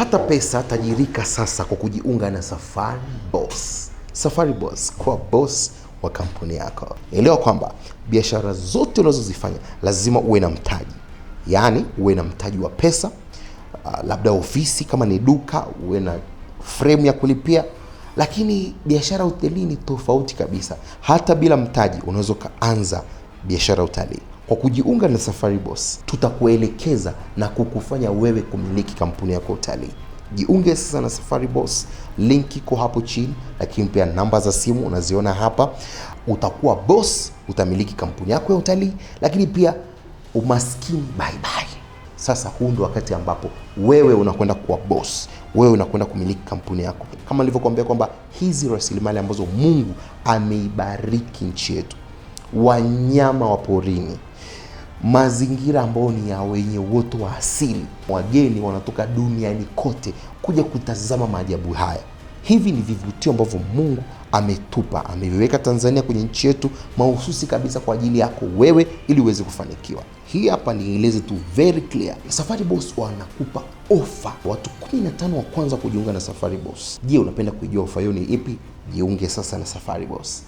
Pata pesa, tajirika sasa kwa kujiunga na Safari Boss. Safari Boss, kwa boss wa kampuni yako. Elewa kwamba biashara zote unazozifanya lazima uwe na mtaji, yaani uwe na mtaji wa pesa, uh, labda ofisi kama ni duka, uwe na frame ya kulipia. Lakini biashara utalii ni tofauti kabisa. Hata bila mtaji unaweza ukaanza biashara utalii. Kwa kujiunga na Safari Boss, tutakuelekeza na kukufanya wewe kumiliki kampuni yako utalii. Jiunge sasa na Safari Boss, link iko hapo chini, lakini pia namba za simu unaziona hapa. Utakuwa boss, utamiliki kampuni yako ya utalii, lakini pia umaskini bye bye. Sasa huu ndo wakati ambapo wewe unakwenda kuwa boss, wewe unakwenda kumiliki kampuni yako, kama nilivyokuambia kwamba hizi rasilimali ambazo Mungu ameibariki nchi yetu, wanyama wa porini mazingira ambayo ni ya wenye uoto wa asili. Wageni wanatoka duniani kote kuja kutazama maajabu haya. Hivi ni vivutio ambavyo Mungu ametupa, ameviweka Tanzania kwenye nchi yetu mahususi kabisa kwa ajili yako wewe, ili uweze kufanikiwa. Hii hapa nieleze tu very clear, Safari Boss wanakupa ofa. Watu 15 wa kwanza kujiunga na Safari Boss. Je, unapenda kuijua ofa hiyo ni ipi? Jiunge sasa na Safari Boss.